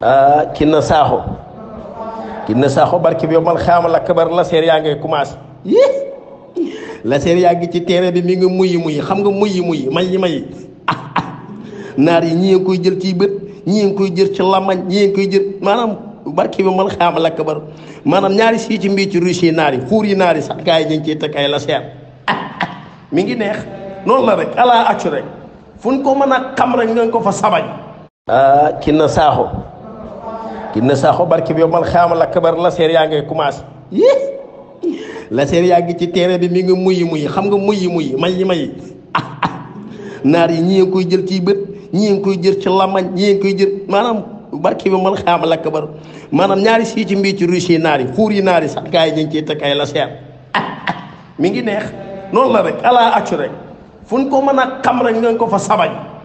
ah Kiné Sakho Kiné Sakho barki bi yombal xaamal akabar la seer yaa ngay commencé la yaa ngi ci terrain bi mi ngi muyi muyi xam nga muyi muyi mayi mayi naar yi ñi ngi koy jël ci bët ñi ngi koy jël ci lamañ ñi ngi koy jël maanaam barki bi man xaamal akabar maanaam ñaari sii ci mbii ci russe yi naar yi xuur yi naar yi sax gars yi dañ ciy teg ay mi ngi neex noonu la rek ala accu rek fu ñu ko mën a xam rek nga ko fa sabañ ah Kiné Sakho ginna saaxo barke bi yow man xaamal ak kabar laseer yaa ngay commencé laseer yaa ngi ci terrain bi mi ngi muyi muyi xam nga muyi muyi mayi mayi naar yi ñii ngi koy jël ci bët ñii ngi koy jël ci lamañ ñii ngi koy jël maanaam barke bi man xaamal ak kabar maanaam ñaari sii ci mbii ci russe yi naar yi fuur yi naar yi sax gars yi ñu ngi ciy teg ay ngi neex noonu la rek ala accu rek fu ñu ko mën a xam rek nga ko fa sabañ